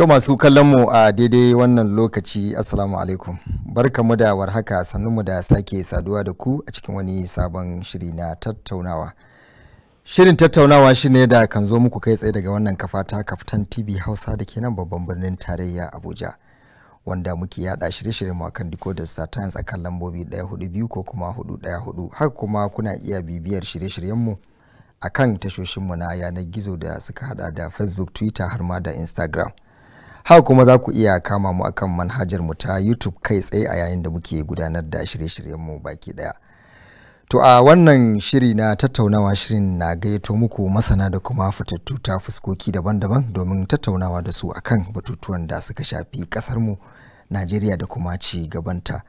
To masu kallon mu a daidai wannan lokaci assalamu alaikum barkamu da warhaka mu da sake saduwa da ku a cikin wani sabon shiri na tattaunawa. Shirin tattaunawa shi ne da kan zo muku kai tsaye daga wannan kafa ta kaftan TV Hausa da ke nan babban birnin tarayya Abuja wanda muke yada shirye-shiryen mu akan decoder satans akan lambobi 142 ko kuma hudu haka kuma kuna iya bibiyar shirye-shiryen mu akan tashoshinmu na yanar gizo da suka hada da Facebook Twitter har ma da Instagram. haka kuma za ku iya kama mu akan manhajar mu ta YouTube kai tsaye a yayin da muke gudanar da shirye-shiryen mu baki daya. To a wannan shiri na tattaunawa shirin na gayyato muku masana da kuma fitattu ta fuskoki daban-daban domin tattaunawa da su akan batutuwan da suka shafi kasarmu Najeriya da kuma ci gabanta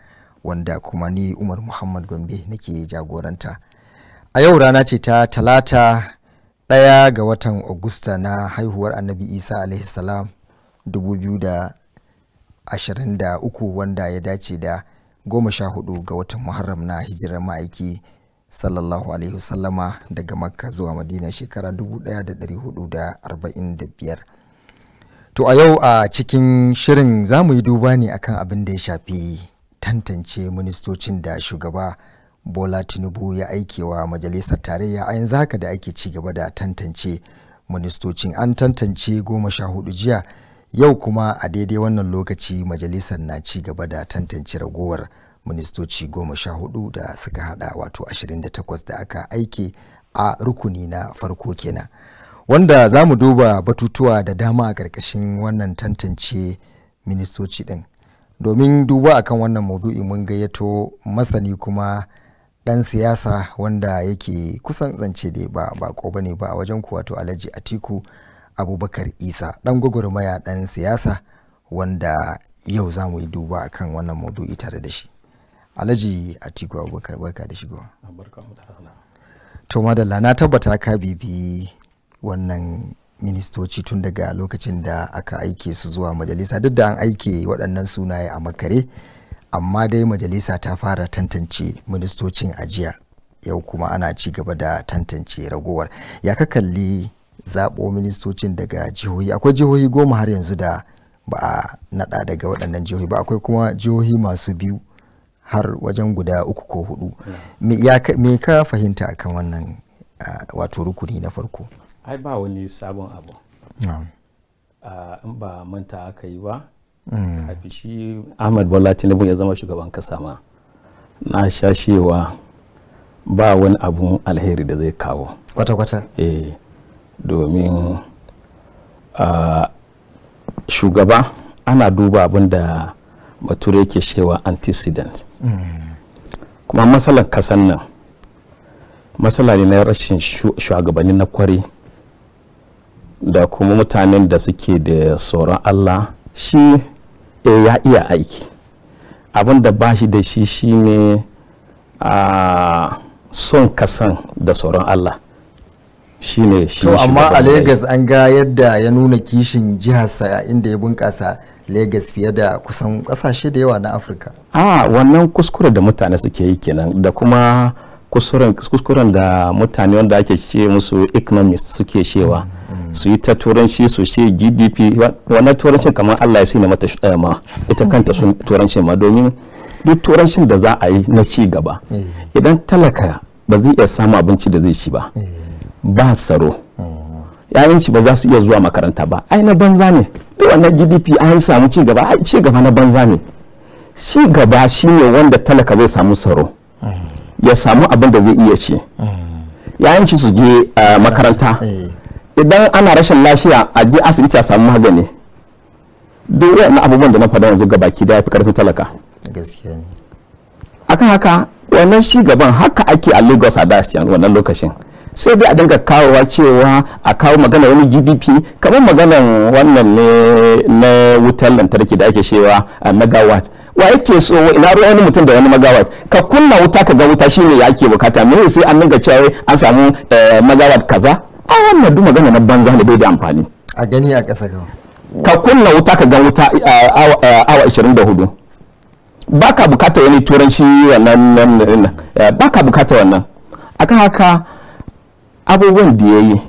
wanda kuma ni Umar Muhammad Gombe nake jagoranta. A yau rana ce ta talata ɗaya ga watan Agusta na haihuwar Annabi Isa alaihi salam 2023 wanda ya dace da 14 ga watan Muharram na hijirar ma'aiki sallallahu alaihi wasallama daga Makka zuwa Madina shekara 1445. To a yau a cikin shirin za mu yi duba ne akan abin da ya shafi tantance ministocin da shugaba Bola Tinubu ya aikewa majalisar tarayya a yanzu haka da ake ci gaba da tantance ministocin an tantance goma sha hudu jiya yau kuma a daidai wannan lokaci majalisar na ci gaba da tantance ragowar ministoci goma sha hudu da suka hada wato 28 da aka aike a rukuni na farko kenan wanda za mu duba batutuwa da dama a ƙarƙashin wannan tantance ministoci ɗin domin duba akan wannan maudu'i mun gayyato masani kuma ɗan siyasa wanda yake kusan zance dai ba ba ne ba a wajen ku wato alhaji atiku abubakar isa dan gwagwarmaya dan siyasa wanda yau za mu yi duba kan wannan maudu'i tare da shi alhaji atiku abubakar barka da shigo to madalla na tabbata ka bibi wannan ministoci tun daga lokacin da aka aike su zuwa majalisa duk da an aike waɗannan sunaye a makare amma dai majalisa ta fara tantance ministocin ajiya yau kuma ana ci gaba da tantance ragowar ya ka kalli zaɓo ministocin daga jihohi akwai jihohi goma har yanzu da ba a naɗa daga waɗannan jihohi ba akwai kuma jihohi masu biyu har wajen guda uku ko hudu me ka fahimta akan wannan wato rukuni na farko ai ba wani sabon abu ba manta aka yi ba hmm. kafi shi ahmad bola tinubu ya zama shugaban kasa ma na sha ba wani abun alheri da zai kawo kwata-kwata eh. domin shugaba ana duba abin da bature yake cewa antecedent hmm. kuma matsalar kasan nan matsala ne na rashin shugabanni na kwari da kuma mutanen da suke da tsoron allah shi eh, ya iya aiki abin da ba shi da shi shine a son kasan da tsoron allah shi ne shi to amma a Legas an ga yadda ya nuna kishin jiharsa inda ya bunƙasa Legas fiye da kusan kasashe da yawa na Afirka a wannan kuskure da mutane suke yi kenan da kuma kuskuren da mutane wanda ake ce musu economist suke cewa mm. su yi ta turanci su ce gdp wannan turancin kamar allah ya sina mata eh, ma ita kanta sun turanci ma domin duk turancin da za a yi na ci gaba eh. idan talaka ba zai iya samu abinci da zai ci ba eh. ba tsaro yayanci ba za su iya zuwa makaranta ba ai na banza ne duk wannan GDP an samu ci gaba ai ci gaba na banza ne ci gaba shine wanda talaka zai samu tsaro ya samu abin da zai iya ci yayan su je eh, makaranta idan ana rashin lafiya a je asibiti a samu magani duk na abubuwan da na faɗa yanzu gabaki da ya fi karfi talaka gaskiya ne akan haka wannan shi gaban haka ake a Lagos a dashi wannan lokacin sai dai a dinga kawowa cewa a kawo magana wani gdp kamar maganan wannan ne na wutar lantarki da ake cewa a megawatt wa yake so ina ruwa wani mutum da wani megawatt ka kunna wuta ka ga wuta shine ya ake bukata me sai an dinga cewa an samu e, megawatt kaza a wannan duk magana na banza ne bai da amfani a gani a ƙasa ka kunna wuta ka ga wuta e, awa 24 baka bukata wani turanci wannan e, baka bukata wannan akan haka abubuwan da ya yi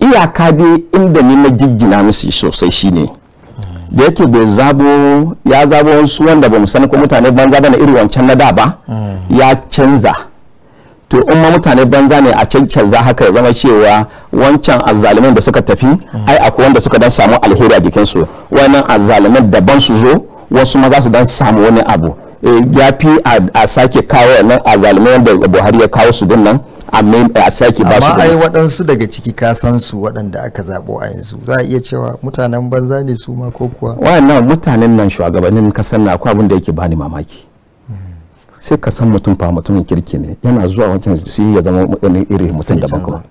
iyaka dai inda ne na jijjina musu sosai shine da yake bai zabo ya zabo wasu wanda ba sani ko mutane banza bane na irin wancan na da ba mm. ya canza to in ma mutane banza ne a cancanza haka ya zama cewa wancan azzaliman da suka tafi mm. ai akwai wanda suka dan samu alheri a su wannan azzaliman daban su zo wasu ma za su dan samu wani abu eh, ya fi a sake kawo wannan azzaliman da buhari ya kawo su dinnan. a sake ba su amma ai waɗansu daga ciki ka san su waɗanda aka zaɓo a yanzu za a iya cewa mutanen banza ne su ma ko kuwa wayannan mutanen nan shugabannin kasan na akwai abin da yake bani mamaki hmm. sai ka san mutum fa mutumin kirki ne yana zuwa wancan sai ya zama wani irin mutum daban kuma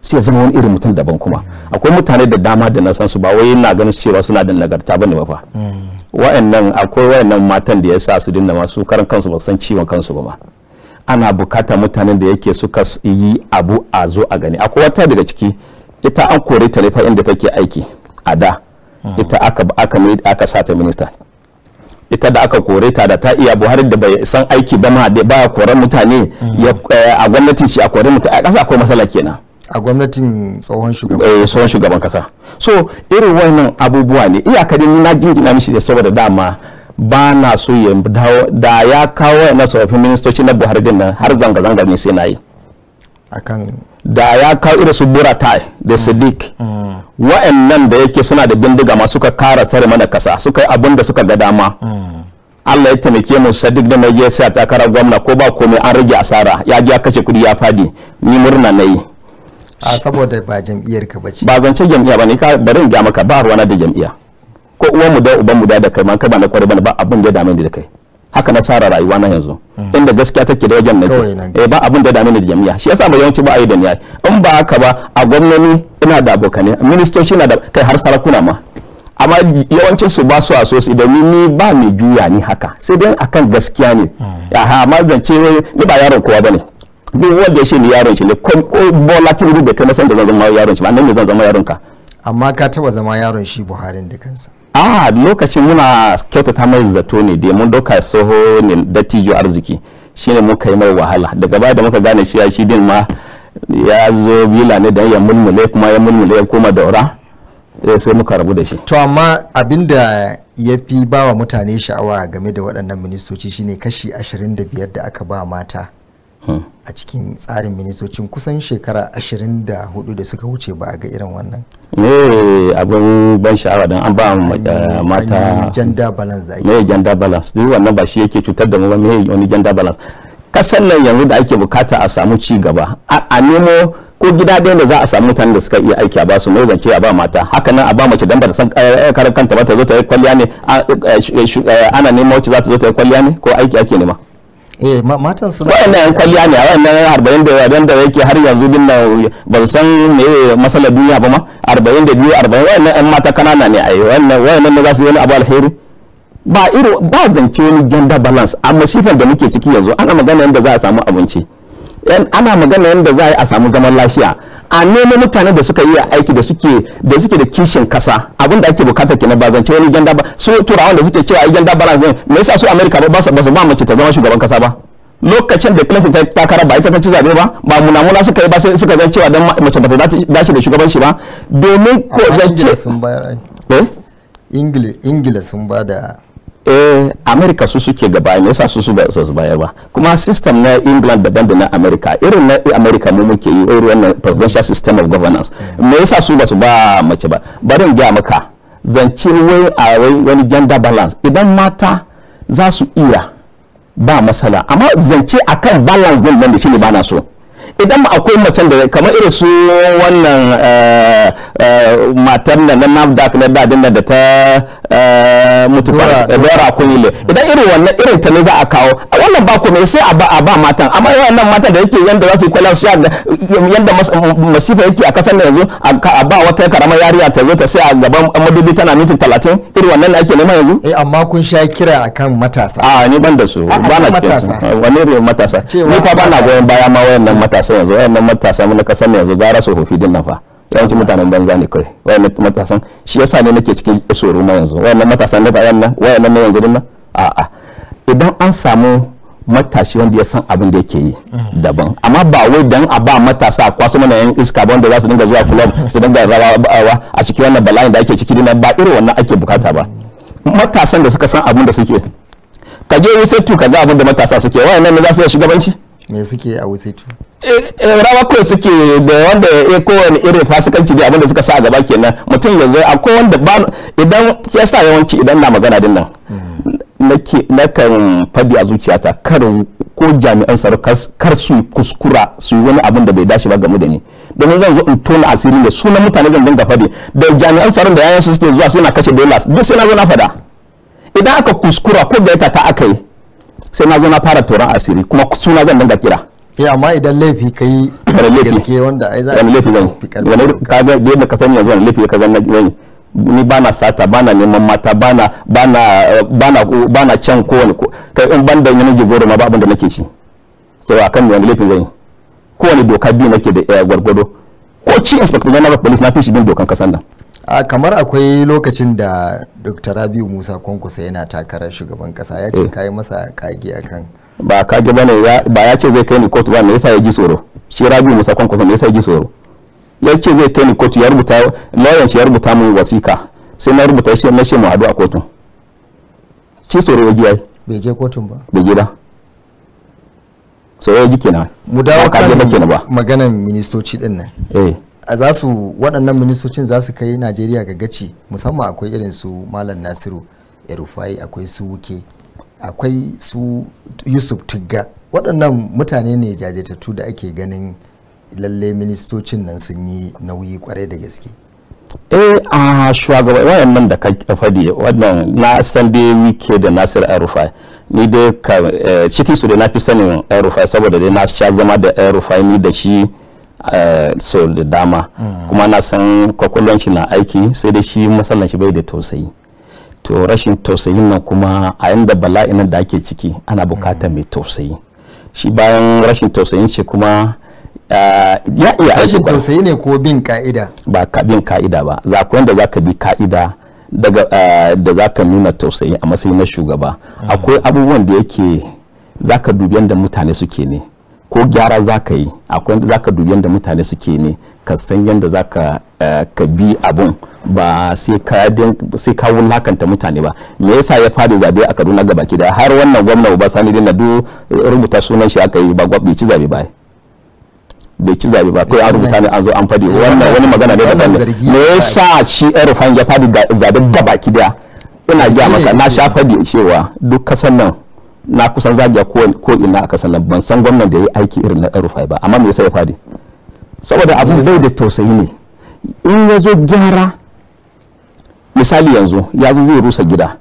sai ya zama wani irin mutum daban kuma akwai mutane da dama da na san su ba wai na ganin cewa suna da nagarta bane ba fa hmm. wa'annan akwai wa'annan matan da ya sa su dinna su karan kansu ba san ciwon kansu ba ma ana bukata mutanen da yake suka yi abu a zo a gani akwai wata daga ciki ita an kore ta fa inda take aiki a da hmm. ita aka aka aka sata minista ita da aka kore ta da ta iya buhari da bai san aiki ba ma da baya koren mutane hmm. eh, a gwamnatin shi a kore mutane a kasa akwai matsala kenan a gwamnatin tsohon shugaban kasa. Eh, tsohon shugaban kasa so irin wannan abubuwa ne iyakadin na jingina mishi da saboda dama ba na so ya dawo da ya kawo na tsofaffin ministoci na buhari din nan har zanga-zanga ne sai na yi da ya kawo irin su buratai da mm. sadiq mm. wa'annan da yake suna da bindiga ma suka kara sare mana kasa suka yi abin da suka ga dama mm. Allah ya taimake mu Sadiq da Najeriya sai ta kara gwamna ko ba komai an rage asara ya ji ya kashe kudi ya fadi ni murna nayi a saboda ba jam'iyyar ka bace ba zance jam'iyya bane ka bari in ga maka ba ruwana da jam'iyya ko uwan mu da uban mu da da kai ma ka ba na kwari bane ba abin da dame ni da kai haka na sara rayuwa na yanzu hmm. inda gaskiya take da wajen nan eh ba abin da dame ni da jami'a shi yasa ba yawanci ba ayi da niyya in ba haka ba a gwamnati ina da abokane ministoci na da kai har sarakuna ma amma yawancin su ba su a so domin ni ba ni juya ni haka sai dai akan gaskiya ne hmm. amma zance ni ba yaron kowa bane duk wanda ya ce ni yaron shi ne ko bola tin bai kai san da zan zama yaron shi ba nan ne zan zama yaron ka amma ka taba zama yaron shi buharin da kansa a lokacin muna kyautata mai zato ne da mun doka soho ne dattijo arziki shine muka yi mai wahala daga baya da muka gane shi shi din ma ya zo bila ne da ya mulmule kuma ya mulmule ya koma daura eh, sai muka rabu da shi to amma abin da ya fi ba wa mutane sha'awa game da waɗannan ministoci shine kashi 25 da aka ba mata a cikin tsarin ministocin kusan shekara ashirin da hudu da suka wuce ba a ga irin wannan me abin ban sha'awa don an ba eh, mata gender balance da ake ne gender balance duk wannan ba shi yake cutar da mu ba me wani gender balance kasan nan yanzu da ake bukata a samu ci gaba a nemo ko gida ɗaya da za a samu mutanen da suka iya aiki a ba su zance a ba mata haka nan a ba mace dan ba ta san eh, karar kanta ba ta zo ta yi kwalliya ne eh, ana neman wacce za ta zo ta yi kwalliya ne ko aiki ake nema Eh, matan har yanzu din ba san me duniya ba mata kanana ne su yi alheri ba iri ba zance wani gender balance a masifan da muke ciki yanzu ana magana yadda za a samu abinci ana magana yadda za a yi a samu zaman lafiya a nemo mutane da suka yi aiki da suke da suke da kishin kasa abin da ake bukata ke na bazance wani ganda ba su turawan da suke cewa ai ganda balance ne me yasa su america ba ba su ba mace ta zama shugaban kasa ba lokacin da Clinton ta takara ba ita ta ci zabe ba ba munamuna suka yi ba sai suka ga cewa dan mace ba ta dace da shugabanci ba domin ko zance sun eh? ingila sun ba da eh america su suke gaba ne yasa su su bayar ba kuma system na england daban da na america irin na america ne muke yi irin wannan presidential system of governance me yasa su ba su ba mace ba barin gaya maka zance wai a wai wani gender balance idan mata za su iya ba masala amma zance akan balance din nan da shine ba na so idan ma akwai macen da kamar irin su wannan eh, eh, matar da na nafdak na dadin da ta eh, mutu dora kunile idan irin wannan irin ta ne za a kawo a wannan ba kuma sai a ba ba matan amma nan matan da yake yanda za su yi kwalar su yanda masifa yake a kasar yanzu a ba wata karama yariya ta zo ta sai a gaban madubi tana mitin talatin irin wannan ake nema yanzu eh amma kun sha kira akan matasa a ni ban da su ba na cikin wani irin matasa ni fa ba na goyon baya ma nan matasa matasa yanzu wayannan matasa na kasan yanzu gara hofi din nan fa yawanci mutanen banza ne kai wayannan matasan shi yasa ne nake cikin tsoro na yanzu wayannan matasan da wayannan wayannan na yanzu din nan a'a idan an samu matashi wanda ya san abin da yake yi daban amma ba wai dan a ba matasa kwaso mana yan iska ba wanda za su dinga zuwa club su dinga rawa a cikin wannan bala'in da ake ciki din ba irin wannan ake bukata ba matasan da suka san abin da suke ka je tu ka ga abin da matasa suke wayannan ne za su yi shugabanci me suke a tu. Eh, eh, rawa kawai suke da wanda ya eh, kowane irin fasikanci da abinda suka sa a gaba kenan mutum yanzu akwai wanda ba idan ya sa yawanci idan na magana din nan na kan fadi a zuciyata karin ko jami'an tsaro kar su kuskura su yi wani abin da bai dace ba game da ni domin zan zo in tona asiri da sunan mutane zan dinga fadi da jami'an tsaron da yayan su suke zuwa suna kashe dollars duk sai na zo na fada idan aka kuskura ko gaita ta aka yi sai na zo na fara toron asiri kuma suna zan dinga kira ya eh, amma idan laifi ka yi gaske wanda ai za a laifi zan wani ka ga da ka sani yanzu wani laifi ka zan zan ni bana sata bana neman mata bana bana ba na can kowane kai in da yana jigoro ma ba abin da nake shi sai akan ne wani laifin zan yi kowane doka biyu nake da eh, gwargwado ko ci inspector general police na fi shi bin dokan kasan nan a kamar akwai lokacin da dr rabiu musa kwankwasa yana takarar shugaban kasa ya ce eh. kayi masa kage akan ba ji bane ba ya ce zai kai ni kotu ba me yasa ya ji tsoro shi rabi musa kwankwaso me yasa ya ji tsoro ya ce zai kai ni kotu ya rubuta lawyer shi ya rubuta mun wasika sai na rubuta shi na shi mu hadu a kotu shi tsoro ya ji ai bai je kotun ba bai je ba so ya ji kenan mu dawo kan maganan ministoci din nan eh a za su waɗannan ministocin za su kai najeriya ga gaci musamman akwai irin su malam nasiru erufai akwai su wuke akwai su yusuf tugga waɗannan mutane ne jajirtattu da ake ganin lalle ministocin nan sun yi nauyi kwarai da gaske eh a shugaba nan da ka fadi wannan na san dai wike da nasir arufa ni dai eh, ciki su da na fi sanin al-rufai saboda dai na sha zama da al-rufai ni da shi eh, so da dama hmm. kuma na san kwakwalwanci na aiki sai dai shi matsalan shi bai da tausayi to rashin tausayin nan kuma a yanda bala'in da ake ciki ana bukatar mm. mai tausayi shi bayan rashin tausayin ce kuma ya iya rashin tausayi ne ko bin ka'ida ba ka bin ka'ida ba za ku yanda za ka bi ka'ida daga da za ka nuna tausayi a matsayin na shugaba mm. akwai abubuwan da yake za ka dubi yanda mutane suke ne ko gyara za ka yi akwai yadda za ka dubi yanda mutane suke ne ka san yadda za eh, ka bi abun ba sai ka wulakanta mutane ba me yasa ya fadi zabe a Kaduna ga baki da har wannan gwamna ba sani dina du rubuta sunan shi aka yi ba gwabbe ci zabe ba bai ci zabe ba kai an rubuta ne an zo an fadi wannan wani magana ne daban me yasa shi Erfan ya fadi zabe ga baki da ina ga maka na sha fadi cewa duk kasan nan na kusan zagiya ko ina a kasan nan ban san gwamnan da ya yi aiki irin na rufa'i ba amma me yasa ya fadi saboda abin bai da tausayi ne in ya zo gyara misali yanzu ya zo zai rusa gida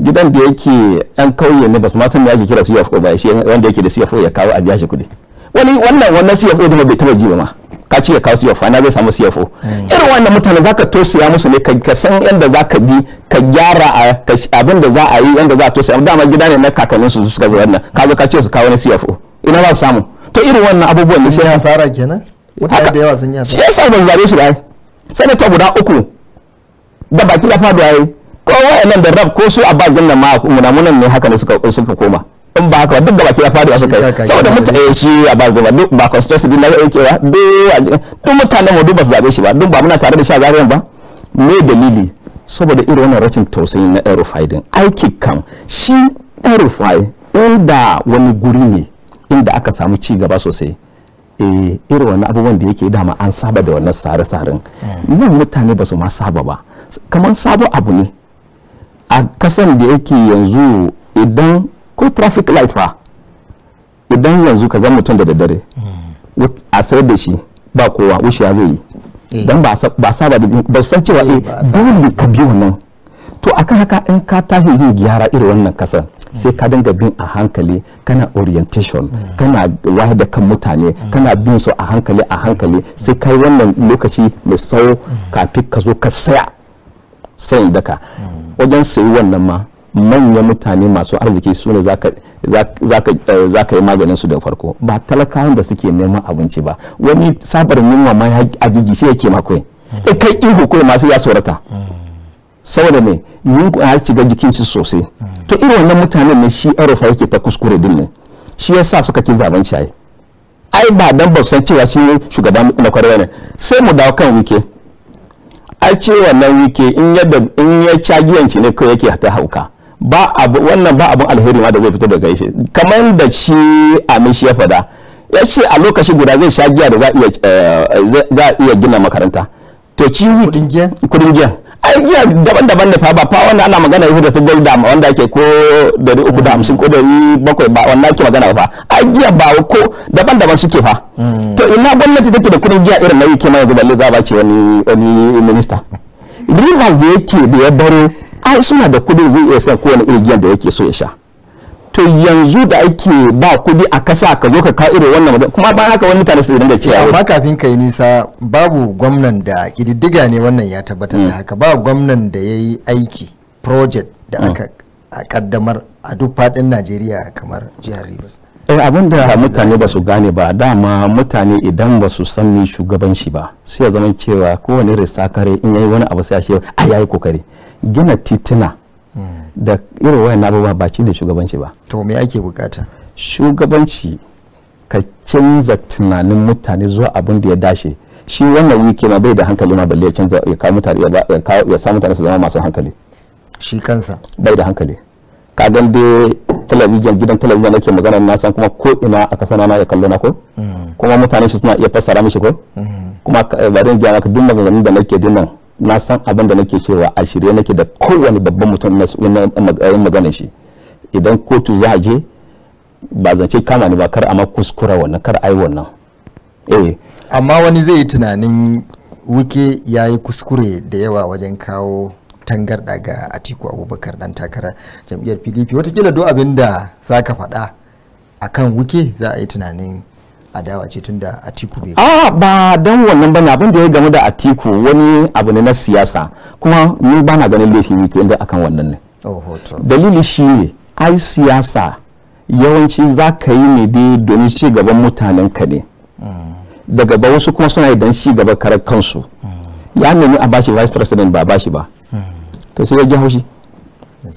gidan da yake yan kauye ne ba su san me ake kira CFO ba shi wanda yake da CFO ya kawo a biya shi kuɗi wani wannan wannan CFO da bai taba ji ba ma ka ce ya kawo CFO na zai samu CFO hmm. irin wannan mutane zaka tosiya musu ne ka san yanda zaka bi ka gyara abin da za a yi yanda za a tosiya dama gida ne na kakannin su suka zo wannan ka zo ka ce su kawo na CFO ina ba su samu to irin wannan abubuwan da shi hasara kenan mutane da yawa sun yi shi yasa ban zabe shi ba sanata guda uku da baki na faduwa yayi ko wayannan da rab ko su abbas din nan ma munamunan ne haka ne suka suka koma in ba haka duk da baki na faduwa suka yi saboda mutane shi abbas din duk ba constituency din na yake ba duk mutanen mu duk ba su zabe shi ba duk ba muna tare da shi a zariyan ba me dalili saboda irin wannan rashin tausayi na ɗan rufai din aiki kam shi ɗan inda wani guri ne inda aka samu ci gaba sosai eh irin wani abubuwan da yake dama an saba da wannan sare-saren nan mutane ba su ma saba ba kamar sabo abu ne a kasan da yake yanzu idan ko traffic light ba idan yanzu ka ga mutum da daddare hmm. a sayar da shi ba kowa ya zai yi eh. don ba saba da ba san cewa eh, eh dole ka bi wannan to akan haka in ka tashi yin gyara irin wannan kasan sai ka dinga bin a hankali kana orientation kana wayar da kan mutane kana bin su a hankali a hankali sai kai wannan lokaci mai sau kafin ka zo ka saya sai daka wajen sayi wannan ma manyan mutane masu arziki su ne za ka eh, yi maganin su da farko ba talakawan da suke neman abinci ba wani sabar yunwa ma ya ajiye shi yake makwai kai ihu kawai masu ya sau saboda ne yunku a shiga jikin shi sosai to irin wannan mutanen ne shi arofa yake ta kuskure din ne shi yasa suka ki zaben shaye ai ba dan ba san cewa shi shugaban na kwarewa ne sai mu dawo kan wike ai ce wannan wike in ya in ya cagiyanci ne kawai yake ta hauka ba abu wannan ba abun alheri ma da zai fita daga shi kamar da shi amishi ya fada ya ce a lokaci guda zai sha giya da za a iya eh, gina makaranta to ci kudin giya ai daban-daban da fa ba fa wannan ana magana yanzu da su gold dam wanda ake ko 350 ko 700 ba wannan ake magana ba ai giya ba ko daban-daban suke fa hmm. to ina gwamnati take da kudin giya irin na yake ma yanzu balle za ba ce wani wani minista rivers da yake da ya baro ai suna da kudin zai iya sa kowane irin giyan da yake so ya sha to yanzu da ake ba kudi a kasa ka zo ka ka irin wannan kuma ba haka wani mutane su da cewa ba kafin kai nisa babu gwamnan da kididdiga ne wannan ya tabbatar da mm. haka ba gwamnan da ya yi aiki project da mm. aka a kaddamar a duk faɗin Najeriya kamar jihar Rivers eh abin da mutane ba su gane ba dama mutane idan ba su san shugabanci ba sai ya zama cewa kowane kare in yayi wani abu sai a ce a yayi kokari gina tituna. Mm. da irin wayan abubuwa ba ci da shugabanci ba to me ake bukata shugabanci ka canza tunanin mutane zuwa abin da ya dace shi wannan wiki ma bai da hankali ma balle ya canza ya kawo mutane ya sa mutane su zama masu hankali shi kansa bai da hankali ka gan talabijin gidan talabijin nake magana na san kuma ko ina aka sana na ya kallo na ko mm. kuma mutane su suna iya fassara mishi ko mm. kuma ba dan gyara ka duk maganganun da nake dinnan na san abin da nake cewa a shirye nake da kowane babban mutum na magana shi idan kotu za a je ba zance kama ni ba kar amma kuskura wannan kar ai wannan eh amma wani zai yi tunanin wuke ya yi kuskure da yawa wajen kawo tangarɗa ga atiku abubakar dan takara jam'iyyar pdp watakila do abin da za ka faɗa akan wuke za a yi tunanin adawa ce tun da atiku bai a ah, ba don wannan bane abin da ya game da atiku wani abu ne na siyasa kuma ni ba na ganin laifi wiki inda akan wannan ne dalili shi ne ai siyasa yawanci za ka yi ne dai domin ci gaban mutanen ka ne mm. daga ba wasu kuma suna idan ci gaba karar kansu mm. ya nemi a bashi vice president ba bashi ba mm. to sai ya ji haushi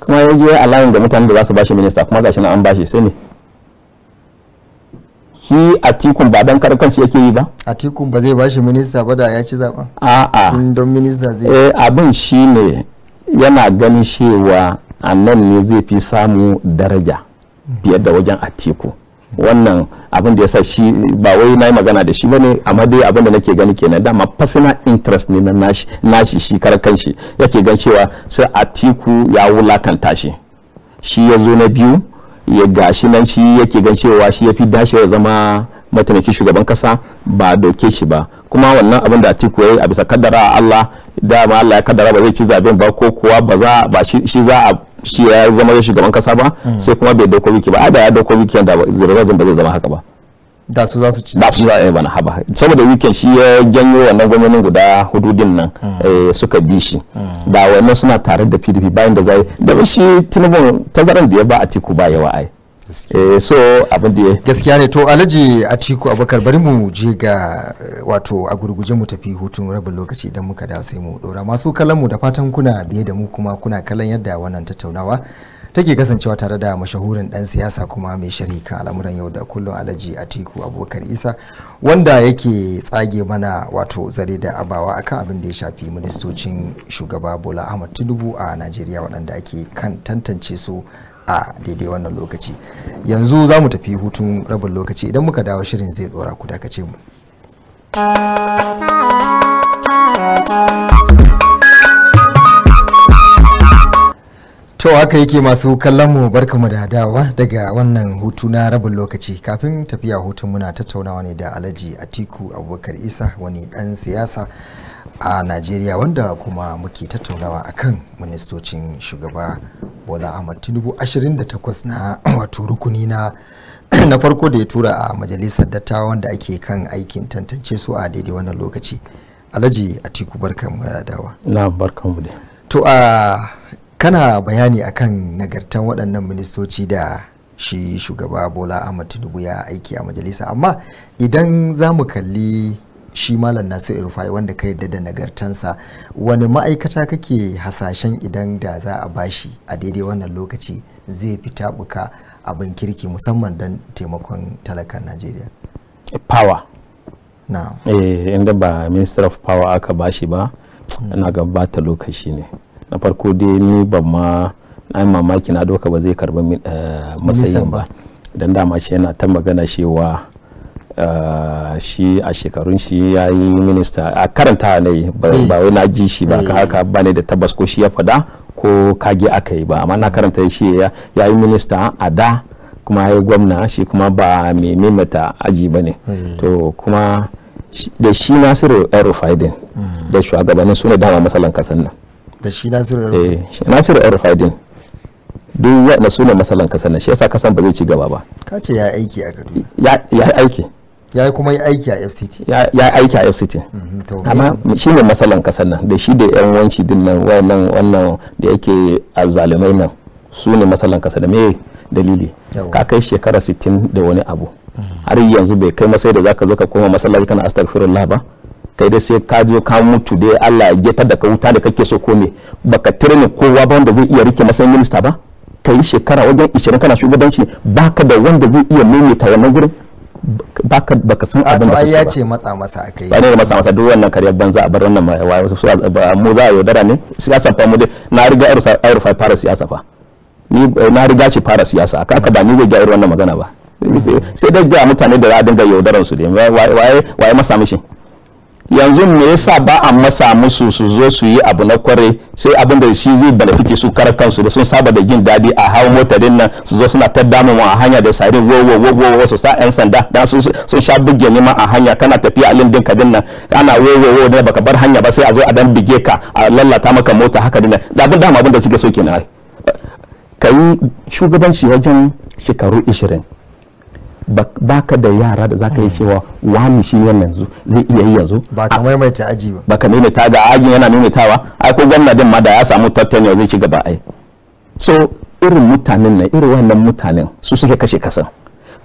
kuma ya a alayin ga mutanen da za su bashi minista kuma gashi na an bashi sai ne shi atikun ba dan karkan shi yake yi ba atikun ba zai bashi minista ba da ya ci zaɓa a'a in don minista zai eh abin shi ne yana ganin cewa a nan ne zai fi samu daraja fiye da wajen atiku wannan abin da ya sa shi ba wai na yi magana da shi ba ne amma dai abin da nake gani kenan dama personal interest ne na nashi, nashi shi karkan shi yake gan cewa sai atiku ya wulakanta shi shi ya zo na biyu ya gashi nan shi yake gan cewa shi ya fi dashi ya zama mataimakin shugaban kasa ba doke shi ba kuma wannan abin da Atiku yayi a bisa kaddara a Allah dama Allah ya kaddara ba zai ci zaben ba ko kuwa ba za ba shi za a shi ya zama shugaban kasa ba mm. sai kuma bai dokoki ba a da ya dokoki wiki yanda zirga ba zai zama haka ba da su za su ci da su za a yi bana haba saboda weekend shi ya janyo wannan gwamnonin guda hududin nan mm. eh, suka bi shi mm. da wannan suna tare da pdp bayan da zai da shi tinubu tazaran da ya ba a tiku ba yawa ai eh, so abin da gaskiya ne to alhaji atiku abubakar bari mu je ga eh, wato a gurguje mu tafi hutun rabin lokaci idan muka da sai mu dora masu kallon mu da fatan kuna biye da mu kuma kuna kallon yadda wannan tattaunawa take kasancewa tare da mashahurin dan siyasa kuma mai sharhi kan al'amuran yau da kullum alhaji atiku abubakar isa wanda yake tsage mana wato zare da abawa akan abin da ya shafi ministocin shugaba bola ahmad tinubu a najeriya waɗanda ake kan tantance su a daidai wannan lokaci yanzu za mu tafi hutun rabin lokaci idan muka dawo shirin zai dora ku dakace mu To haka yake masu kallon mu barkamu da dawa daga wannan hutu na rabin lokaci kafin tafiya hutun muna tattaunawa ne da Alhaji Atiku Abubakar Isa wani dan siyasa a Najeriya wanda kuma muke tattaunawa akan ministocin shugaba Bola Ahmad Tinubu 28 na wato rukuni na na farko da ya tura a majalisar dattawa wanda ake kan aikin tantance su a daidai wannan lokaci. Alhaji Atiku barkamu da dawa. Na barkamu da. To a kana bayani akan nagartan waɗannan ministoci da shi shugaba bola ahmad tinubu ya aiki a majalisa amma idan za mu kalli shi malam nasir rufai wanda ka yadda da nagartansa wani ma'aikata kake hasashen idan da za a bashi a daidai wannan lokaci zai fi tabuka abin kirki musamman don taimakon talakan najeriya power na eh, inda ba minister of power aka bashi ba ana hmm. gabata lokaci ne na farko dai ni ban ma ai mamaki na doka ba zai karbi eh, matsayin ba don dama shi yana ta magana cewa eh, shi a shekarun shi ya yi minista a karanta ne ba eh. wai na ji shi ba ka haka ba ne da tabbas ko shi ya faɗa ko kage aka yi ba amma na karanta shi ya yi minista a da kuma ya yi gwamna shi kuma ba mai mimata aji ba ne to kuma da shi nasiru erufaidin hmm. da shugabannin su ne dama matsalan kasan nan da shi nasiru eh nasiru din duk wanda su ne masalan kasan nan shi yasa kasan ba zai ci gaba ba ka ce ya aiki a kaduna ya aiki ya kuma yi aiki a fct ya aiki a fct mm-hmm, amma shi ne masalan kasar nan da shi da yan wanci din nan wannan wannan da yake a zalumai nan su ne masalan kasan da me dalili ka kai shekara 60 da wani abu har yanzu bai kai masai da zaka zo ka koma masallaci kana astaghfirullah ba kai da sai ka zo ka mutu dai Allah ya jefar da ka wuta da kake so ko me baka tirni kowa ba wanda zai iya rike matsayin minista ba ka yi shekara wajen 20 kana shugabanci baka da wanda zai iya ta wannan gurin baka baka san abin da ya ce matsa masa akai ba ne matsa masa duk wannan karyar banza a bar wannan mu za a yaudara ne siyasa fa mu dai na riga ai rufa fara siyasa fa ni na riga ce fara siyasa ka ka ba ni zai gyara wannan magana ba sai dai ga mutane da za a dinga yaudaran su dai waye waye masa mishi yanzu me yasa ba a masa musu su zo su yi abu na kware sai abin da shi zai benefit su kar kansu da sun saba da jin daɗi a hawa din nan su zo suna ta damu a hanya da sarin wowo su sa yan sanda dan sun sha buge ne ma a hanya kana tafiya a lindin ka dinnan ana wowo wowo da baka bar hanya ba sai a zo a dan bige ka a lallata maka mota haka dinnan da abin dama abin da suke so kenan kai shugabanci wajen shekaru 20 baka da yara da za ka yi mm. cewa wani shi ne yanzu zai iya yi yanzu ba ka maimaita aji ba ba ka maimaita ga aji yana maimaitawa ai ko gwamna din ma da ya samu tattaunawa zai ci gaba ai so irin mutanen nan irin wannan mutanen su suke kashe kasan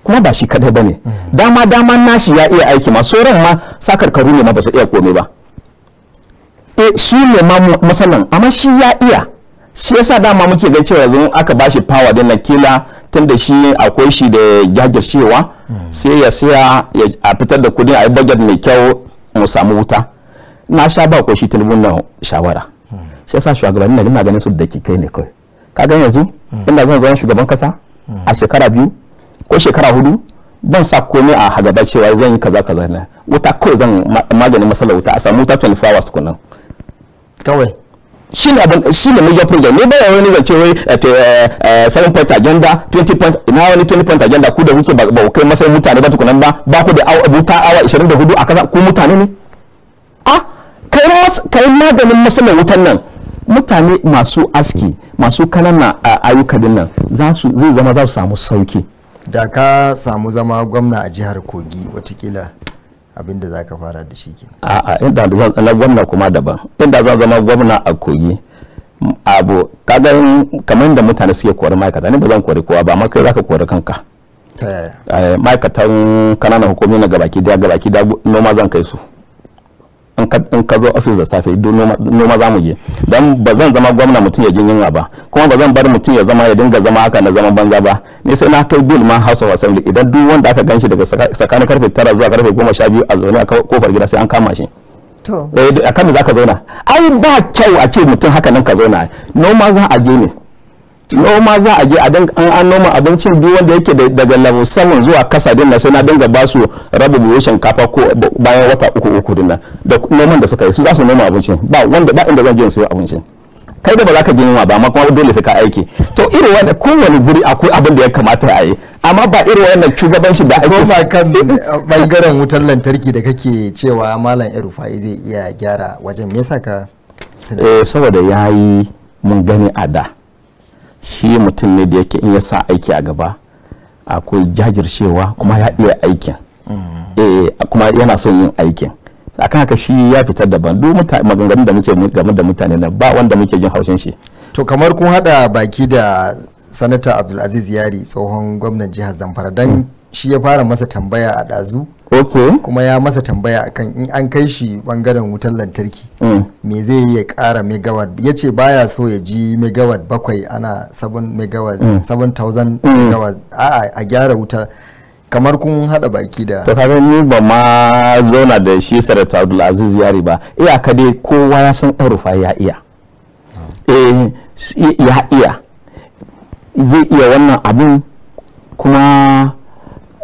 kuma ba shi kadai bane mm. dama dama nashi ya iya aiki ma sauran ma sakarkaru ne ma ba su iya komai ba E su ne ma masanan amma shi ya iya shi yasa dama muke ga cewa yanzu aka bashi power din na kila tun da shi akwai shi da jajircewa hmm. sai ya siya a fitar da kudin a yi budget mai kyau mu samu wuta na sha ba ko shi tilbun na shawara hmm. shi yasa shugabanni na gina ganin su da kai ne kai ka gan yanzu hmm. ina zan zama shugaban kasa a shekara biyu ko shekara hudu ban sa komai a hagaba cewa zan yi kaza kaza wuta kawai zan maganin matsalar wuta a samu wuta 24 hours kunan kawai shi ne abin shi ne major project ne bayan wani zance wai a eh, eh, eh, point agenda 20 point ina wani 20 point agenda ku da kuke ba ku kai masai mutane ba tukunan ba ba ku da ta awa 24 a kasa ku mutane ne a kai maganin masana wutan nan mutane masu aski masu kanana ayyuka din nan zai zama za su samu sauki da ka samu zama gwamna a jihar kogi watakila abinda da za ka fara da shi ke a a inda zan zama gwamna kuma daban inda zan zama gwamna a kogi abu kaga kamar da mutane suke kori ma'aikata ne ba zan kori kowa ba amma kai zaka kori kanka eh, ma'aikatan kananan hukumi na gabaki daya gabaki daya noma zan kai su in ka zo ofis da safe don noma za mu je don ba zan zama gwamna mutum ya jin yunwa ba kuma ba zan bar mutum ya zama ya dinga zama haka na zama banza ba ni sai na kai bil ma house of assembly idan duk wanda aka ganshi daga tsakanin karfe tara zuwa karfe goma sha biyu a zaune a kofar gida sai an kama shi eh, a kan za ka zauna ai ba kyau a ce mutum haka nan ka zauna noma za a je ne noma za a je an noma abincin duk wanda yake daga lamu samun zuwa kasa din na sai na dinga ba su rabu buhu shinkafa ko bayan wata uku uku din da noman da suka yi su za su noma abincin ba wanda ba inda zan je in abincin kai da ba za ka je noma ba amma kuma dole sai ka aiki to irin wanda kowane guri akwai abin da ya kamata a yi amma ba irin wannan shi da ake ba kan eh, bangaren wutar lantarki da kake cewa malam Erufai zai iya gyara wajen me yasa ka eh saboda yayi mun gani a da shi mutum ne da yake in ya sa aiki a gaba akwai jajircewa kuma ya iya aikin mm. eh, kuma yana son yin aikin akan haka shi ya fitar daban duk maganganun da muke game da mutane na ba wanda muke jin haushin shi to kamar kun hada baki da sanata abdulaziz yari tsohon gwamnan jihar zamfara don mm. shi ya fara masa tambaya a ɗazu okay. kuma ya masa tambaya akan in an kai shi bangaren wutar lantarki mm. me zai yi ya ƙara megawatt ya ce baya so ya ji megawatt bakwai ana 7000 megawatt mm. mm. a gyara wuta kamar kun hada baki da ta kare ni ba ma zauna da shi Sadat Abdul Aziz Yari ba iyaka dai kowa ya san ɗarufa ya iya ah. eh ya iya zai iya wannan abin kuma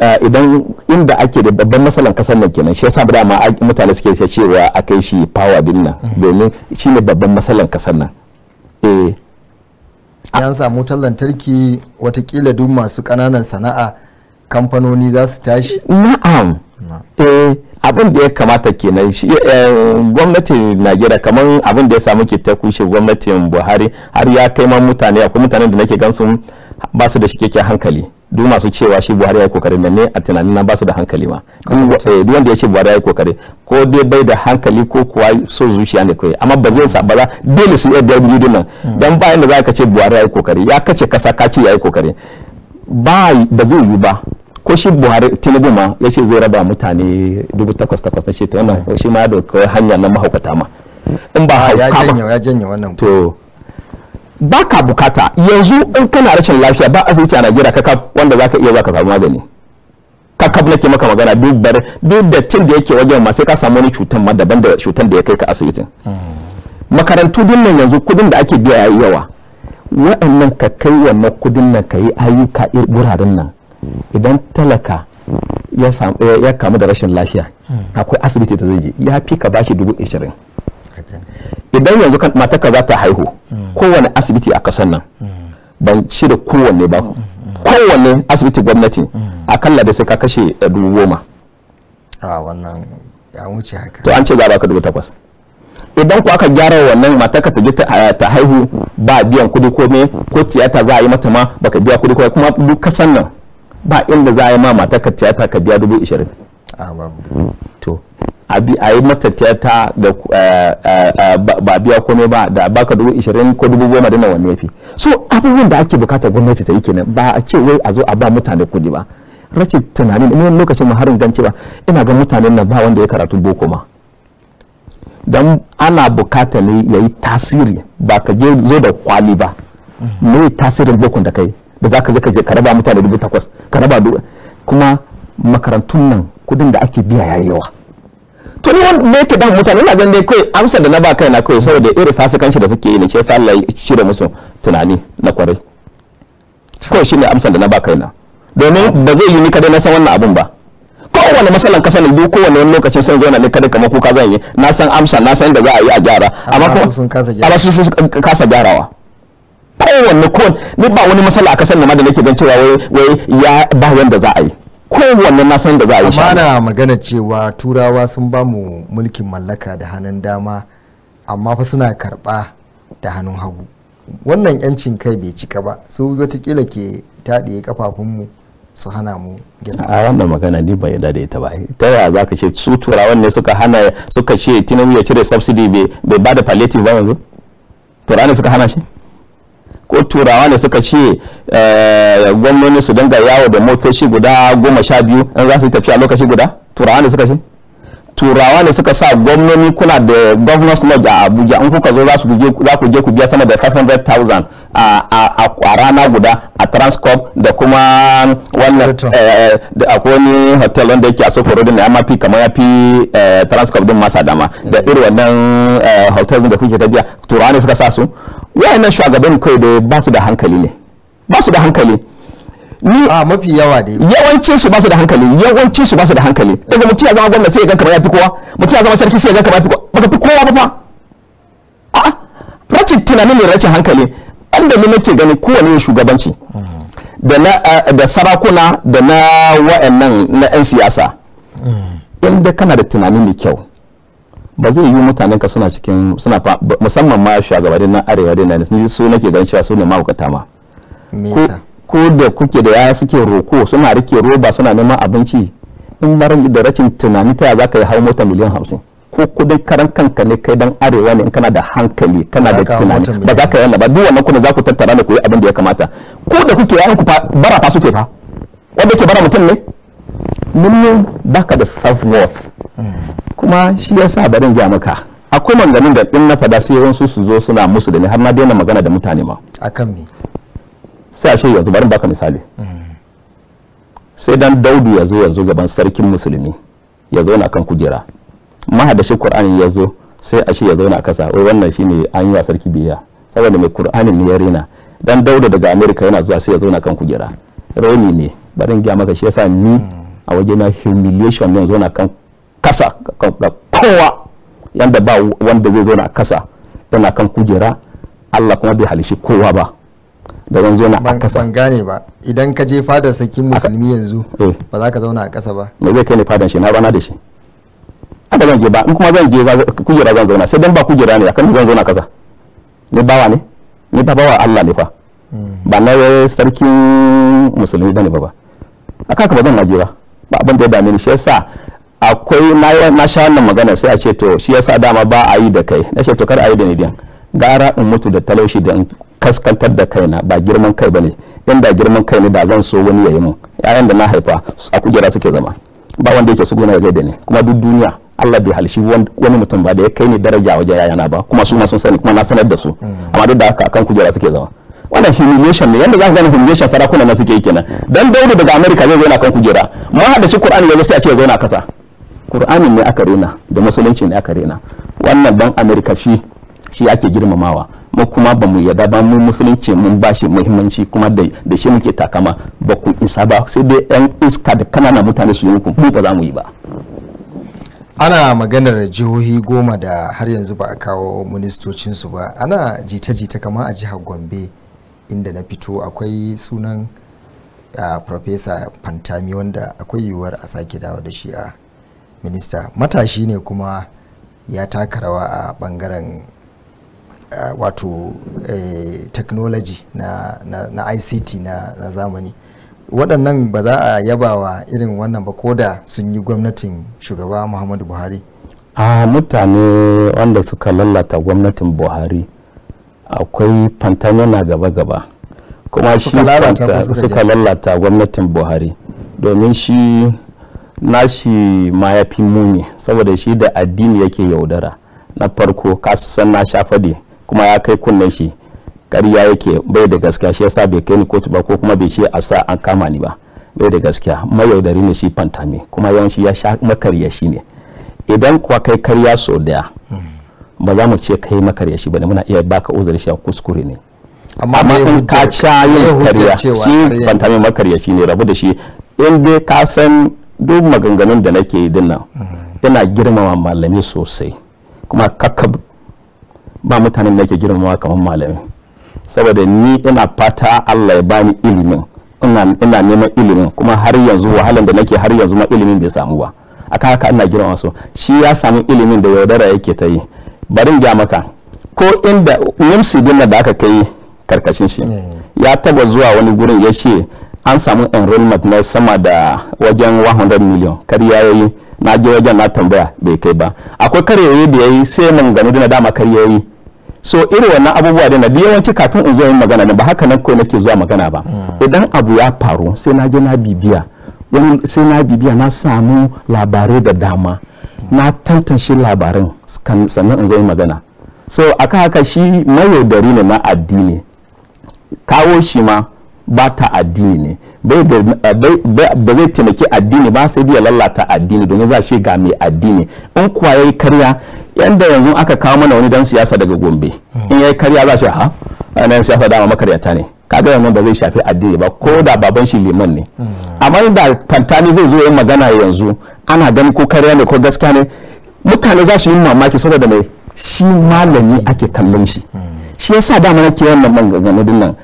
Eh, idan inda ake da babban matsalan kasar nan kenan shi yasa dama mutane suke cewa a kai shi power bill nan hmm. domin shi ne babban matsalan kasar nan eh yan samu wutar lantarki watakila duk masu kananan sana'a kamfanoni za su tashi na'am eh abin da ya kamata kenan shi eh, gwamnatin najeriya kamar abin da ya samu ke ta kushe gwamnatin buhari har ya kai ma mutane akwai mutanen da nake gansu ba su da shi keken hankali duk masu cewa shi buhari ya yi kokari da ne a tunanin na ba su da hankali ma eh, duk wanda ya ce buhari ya yi kokari ko dai bai da hankali ko kuwa so zuciya ne kawai amma ba zai sa ba za dole su iya biyu din nan hmm. dan bayan da za ka ce buhari ya yi kokari ya kace kasa ka ce ya yi kokari ba ba zai yi ba ko shi buhari tinubu ma ya ce zai raba mutane dubu takwas takwas na shi ta wannan hmm. shi ma da hanya na mahaukata ma in ba ah, hauka ba ya janye wannan to baka bukata yanzu in kana rashin lafiya ba asibiti a najeriya kaf wanda zaka ka iya zaka samu magani kakaf nake maka magana duk bar duk da tin da yake wajen ma sai ka samu wani cutan ma daban da cutan da ya kai ka asibitin makarantu din nan yanzu kudin da ake biya yayi yawa waɗannan ka kai wa kudin nan ka yi ayyuka wuraren nan idan talaka ya kamu da rashin lafiya akwai asibiti da zai je ya fi ka bashi dubu ishirin. idan yanzu matarka za ta haihu mm. kowane asibiti a kasan nan mm. ban shirya kowanne ba mm. kowanne asibiti gwamnati akalla da sai ka kashe eh, dubu goma a wannan ya wuce haka to an ce za baka dubu takwas idan ku aka gyara wannan matarka ta je eh, ta haihu ba biyan kuɗi ko me ko tiyata za a yi mata ma baka biya kuɗi ko kuma duk kasan nan ba inda za a yi ma matarka tiyata ka biya dubu ishirin a yi mata tiyata da eh, eh, eh, ba biya komai ba da baka dubu ishirin ko dubu goma da nawa yafi so abubuwan da ake bukata gwamnati ta yi kenan ba a ce wai a zo a ba mutane kuɗi ba rashin tunanin in wani lokacin mu harin gan cewa ina ga mutanen nan ba wanda ya karatu boko ma don ana bukata ne ya yi tasiri ba ka je zo da kwali ba me tasirin boko da kai da za ka je ka je mutane dubu takwas ka raba kuma makarantun nan kudin da ake biya ya yawa tuni wani wanda me yake damu mutane ina ganin dai kai amsa da na ba kai na kai saboda irin fasikanci da suke yi ne shi yasa Allah ya shirya musu tunani na kwarai ko shi ne amsa da na ba kai na domin ba zai yi ni kada na san wannan abun ba kowane matsalan kasa ne duk kowane wani lokacin sun zauna ne kada kamar kuka zan yi na san amsa na san da za a yi a gyara amma sun kasa gyarawa kowanne kowanne ni ba wani matsala a kasar da ma da nake gan cewa wai ya ba wanda za a yi kowanne na san da za a yi shi na magana cewa turawa sun ba mu mulkin mallaka da hannun dama amma fa suna karba da hannun hagu wannan yancin kai bai cika ba su watakila ke taɗe kafafunmu su hana mu a wannan magana ni ban yarda da ita ba ta yaya za ka ce su turawan ne suka hana suka ce tinubu ya cire subsidy bai ba da palliative ba yanzu turawan ne suka hana shi ko turawa ne suka ce eh, gwamnoni su dinga yawo da motoci guda goma sha biyu in za su yi tafiya lokaci guda turawa ne suka ce turawa ne suka sa gwamnoni kuna da governors lodge a abuja in kuka zo za ku je ku biya sama da 500,000 a rana guda a transcorp da kuma wannan eh, eh, da akwai hotel wanda yake a sokoro din da ya fi kamar ya fi eh, transcorp din masa dama da irin wannan hotel da kuke ta biya turawa ne suka sa su wayannan shugaban kai da ba su da hankali ne ba su da hankali ni a mafi yawa dai yawancin su ba su da hankali yawancin su ba su da hankali daga mutum ya zama gwamna sai ya ga kamar ya fi kowa mutum ya zama sarki sai ya ga kamar ya fi kowa baka fi kowa ba fa a rashin tunanin ne rashin hankali an da nake ganin kowane shugabanci mm. da na eh, da sarakuna da na wa'annan na yan siyasa mm. inda kana da tunani mai kyau ba zai yi mutanen ka suna cikin suna musamman ma shugabannin na arewa da na su nake ganin cewa su ne mahaukata ma ko da kuke da yaya suke roko suna rike roba suna neman abinci in marar da rashin tunani ta za ka yi hau mota miliyan hamsin ko kudin karan kanka ne kai dan arewa ne in kana da hankali kana da tunani ba za ka yi ba duk wannan kudin za ku tattara ne ku yi abin da ya kamata ko da kuke yayan ku bara fa suke fa wanda ke bara mutum ne mun baka da self worth kuma shi yasa barin ga maka akwai manganin da din na fada sai yawansu su zo suna musu da ni har na daina magana da mutane ma akan me sai a shehu yanzu bari baka misali sai dan daudu ya zo yanzu gaban sarkin musulmi ya zauna kan kujera mahadashin qur'ani ya zo sai a shi ya zauna a kasa wai wannan shine an yi wa sarki biya saboda mai qur'anin ne ya rena dan daudu daga america yana zuwa sai ya zauna kan kujera rauni ne barin gya maka shi yasa ni a waje na humiliation ne zauna kan kasa ga kowa yanda ba wanda zai zauna kasa tana kan kujera Allah kuma bai halishi kowa ba da ban zo na a kasa ban gane ba idan ka je fadar sarkin musulmi yanzu eh. ba za ka zauna a kasa ba me zai kai ni fadan shi na bana da shi aka zan je ba in kuma zan je kujera zan zauna sai dan ba kujera ne akan zan zauna kasa ni bawa ne ni ba bawa Allah ne fa hmm. ba na sarkin musulmi bane ba ba aka ka ba zan naje ba ba abin da ya dame ni shi yasa akwai na sha wannan magana sai a ce to shi yasa dama ba a yi da kai na ce to kar a yi da ni din gara in mutu da talaushi da kaskantar da kaina ba girman kai bane inda girman kai ne da zan so wani yayi mun yayan da na haifa a kujera suke zama ba wanda yake so gona gaida ne kuma duk duniya Allah bai halshi wani mutum ba da ya kai ni daraja waje yayana ba kuma su ma sun sani kuma na sanar da su hmm. amma duk da haka akan kujera suke zama wannan humiliation ne yanda za ka gane humiliation sarakuna na suke yi kenan dan daudu daga America zai zo na kan kujera ma da shi Qur'ani yanzu sai a ce zo na kasa Qur'ani ne aka rena da musulunci ne aka rena wannan dan America shi shi ake girmamawa mu kuma ba mu yarda ba mu musulunci mun ba shi muhimmanci kuma da shi muke takama ba ku isa ba sai dai yan iska da kanana mutane su yi muku ba za mu yi ba ana maganar jihohi goma da har yanzu ba a kawo ministocinsu ba ana jita-jita kama a jihar gombe inda na fito akwai sunan a profesa wanda akwai yiwuwar a sake dawo da shi a minista matashi ne kuma ya taka rawa a bangaren Eh, wato eh, technology na, na, na ict na, na zamani waɗannan ba za a yaba wa irin wannan ba ko da sun yi gwamnatin shugaba muhammadu buhari a mutane wanda suka lalata gwamnatin buhari akwai fantanya na gaba-gaba kuma shi suka lalata gwamnatin buhari domin shi nashi ma ya fi muni saboda shi da addini yake yaudara na farko kasu san na shafa ne kuma ya kai kunnen shi ƙarya yake bai da gaskiya shi yasa bai kai ni kotu ba ko kuma bai ce a sa an kama ni ba bai da gaskiya mayaudari ne shi fanta ne kuma yawanci ya sha makarya shi ne idan kuwa kai karya so daya ba za mu ce kai makarya shi ba ne muna iya baka uzuri shi kuskure ne amma sun ka ca yin karya shi ne makarya shi ne rabu da shi in dai ka san duk maganganun da nake yi dinnan yana hmm. girmama malami sosai kuma kakka ba mutanen da ke girmama kamar malami saboda ni ina fata Allah ya bani ilimin ina neman ilimin kuma har yanzu wahalan da nake har yanzu ma ilimin bai samu ba akan haka ina girmama su shi ya samu ilimin da yaudara yake ta yi barin gya maka ko inda nimsi dinna da aka kai karkashin shi eh. ya taba zuwa wani gurin ya ce an samu enrollment na sama da wajen 100 million ya yayi na je wajen na tambaya bai kai ba akwai karyayi da yayi sai mun gani na dama karyayi so irin wannan abubuwa da nabi yawanci kafin in zo yin magana ba haka nan kawai nake zuwa magana ba idan abu ya faru sai na je na bibiya sai na bibiya na samu labarai da dama na tantance labarin sannan in zo yin magana so aka haka shi mayaudari ne na addini kawo shi ma ba ta addini ne ba zai taimaki addini ba sai biya lalata addini domin za shi ga mai addini in kuwa ya karya yanda yanzu aka kawo mana wani dan siyasa daga gombe in yayi karya za su ha nan siyasa dama makaryata ne kaga yanzu ba zai shafi addini ba ko da baban shi liman ne amma da fantani zai zo yin magana yanzu ana gani ko karya ne ko gaskiya ne mutane za su yi mamaki saboda mai shi malami ake kallon shi shi yasa dama nake wannan maganganun nan